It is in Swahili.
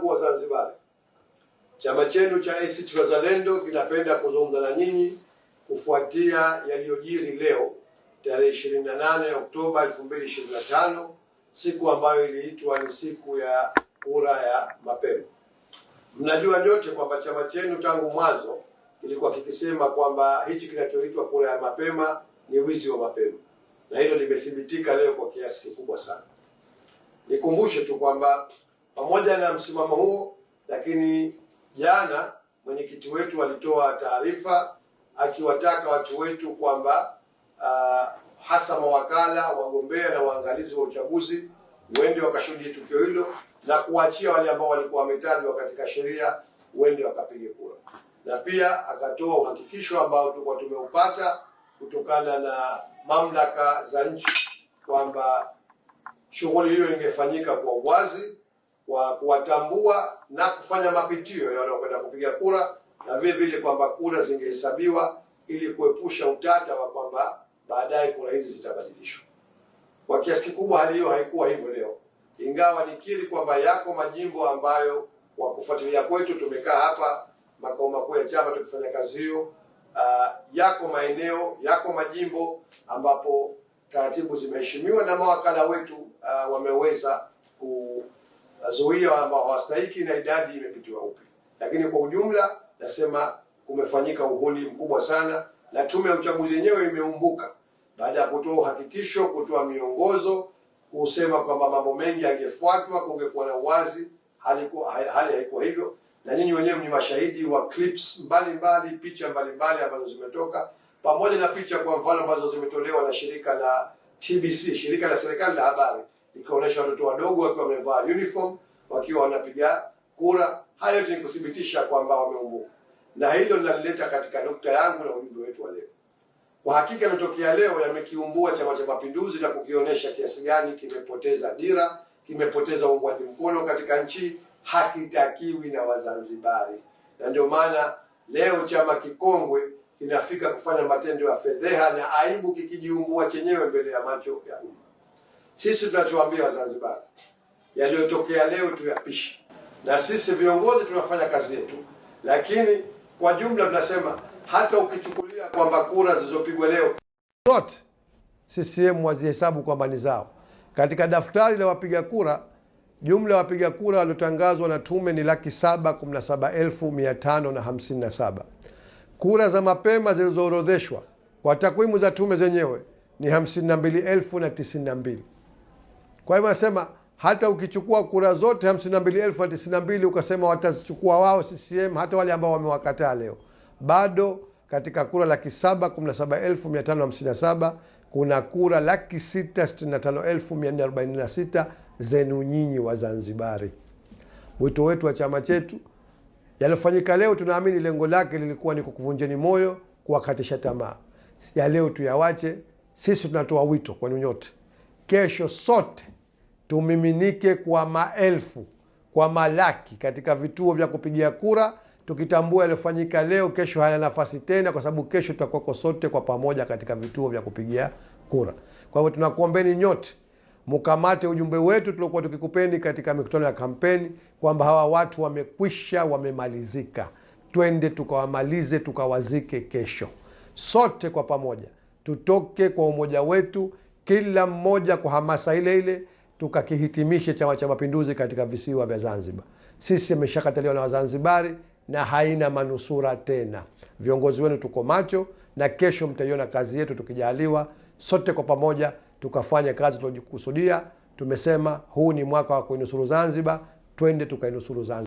zangu wa Zanzibar, chama chenu cha ACT Wazalendo kinapenda kuzungumza na nyinyi kufuatia yaliyojiri leo tarehe 28 Oktoba 2025, siku ambayo iliitwa ni siku ya kura ya mapema. Mnajua nyote kwamba chama chenu tangu mwanzo kilikuwa kikisema kwamba hichi kinachoitwa kura ya mapema ni wizi wa mapema, na hilo limethibitika leo kwa kiasi kikubwa sana. Nikumbushe tu kwamba pamoja na msimamo huo, lakini jana mwenyekiti wetu alitoa taarifa akiwataka watu wetu kwamba uh, hasa mawakala, wagombea na waangalizi wa uchaguzi wende wakashuhudia tukio hilo na kuachia wale ambao walikuwa wametajwa katika sheria wende wakapige kura, na pia akatoa uhakikisho ambao tulikuwa tumeupata kutokana na mamlaka za nchi kwamba shughuli hiyo ingefanyika kwa uwazi kwa kuwatambua na kufanya mapitio ya wanaokwenda kupiga kura, na vile vile kwamba kura zingehesabiwa ili kuepusha utata wa kwamba baadaye kura hizi zitabadilishwa. Kwa kiasi kikubwa hali hiyo haikuwa hivyo leo, ingawa nikiri kwamba yako majimbo ambayo kwa kufuatilia kwetu tumekaa hapa makao makuu ya chama tukifanya kazi hiyo. Uh, yako maeneo yako majimbo ambapo taratibu zimeheshimiwa na mawakala wetu uh, wameweza ku nazuia ambao hawastahiki na idadi imepitiwa upi. Lakini kwa ujumla nasema kumefanyika uhuni mkubwa sana, na tume ya uchaguzi yenyewe imeumbuka baada ya kutoa uhakikisho, kutoa miongozo, kusema kwamba mambo mengi yangefuatwa, kungekuwa na uwazi. Hali haikuwa hivyo, na nyinyi wenyewe ni mashahidi wa clips mbalimbali, picha mbalimbali ambazo zimetoka pamoja na picha kwa mfano ambazo zimetolewa na shirika la TBC, shirika la serikali la habari ikionyesha watoto wadogo wakiwa wamevaa uniform wakiwa wanapiga kura. Hayo yote ni kuthibitisha kwamba wameumbuka, na hilo linalileta katika nukta yangu na ujumbe wetu wa leo. Kwa hakika yametokea leo yamekiumbua Chama cha Mapinduzi na kukionyesha kiasi gani kimepoteza dira, kimepoteza uungwaji mkono katika nchi, hakitakiwi na Wazanzibari, na ndio maana leo chama kikongwe kinafika kufanya matendo ya fedheha na aibu kikijiumbua chenyewe mbele ya macho ya umma. Sisi tunachoambia Wazanzibari, yaliyotokea leo tuyapishe, na sisi viongozi tunafanya kazi yetu, lakini kwa jumla tunasema hata ukichukulia kwamba kura zilizopigwa leo zote CCM wazihesabu kwamba ni zao, katika daftari la wapiga kura jumla ya wapiga kura waliotangazwa na tume ni laki saba kumi na saba elfu mia tano na hamsini na saba. Kura za mapema zilizoorodheshwa kwa takwimu za tume zenyewe ni na mbili. Kwa hivyo anasema hata ukichukua kura zote hamsini ukasema watazichukua wao CCM, hata wale ambao wamewakataa leo, bado katika kura laki 717,557 kuna kura laki 665,446 zenu nyinyi Wazanzibari. Wito wetu wa chama chetu, yaliyofanyika leo, tunaamini lengo lake lilikuwa ni kukuvunjeni moyo, kuwakatisha tamaa. Ya leo tuyawache. Sisi tunatoa wito kwenu nyote kesho sote tumiminike kwa maelfu, kwa malaki katika vituo vya kupigia kura, tukitambua yaliyofanyika leo, kesho hana nafasi tena, kwa sababu kesho tutakuwako sote kwa pamoja katika vituo vya kupigia kura. Kwa hivyo tunakuombeni nyote mkamate ujumbe wetu tuliokuwa tukikupeni katika mikutano ya kampeni kwamba hawa watu wamekwisha, wamemalizika. Twende tukawamalize, tukawazike kesho. Sote kwa pamoja tutoke kwa umoja wetu kila mmoja kwa hamasa ile ile, tukakihitimishe Chama cha Mapinduzi katika visiwa vya Zanzibar. Sisi ameshakataliwa na Wazanzibari na haina manusura tena. Viongozi wenu tuko macho, na kesho mtaiona kazi yetu tukijaliwa, sote kwa pamoja tukafanya kazi tuliokusudia. Tumesema huu ni mwaka wa kuinusuru Zanzibar, twende tukainusuru Zanzibar.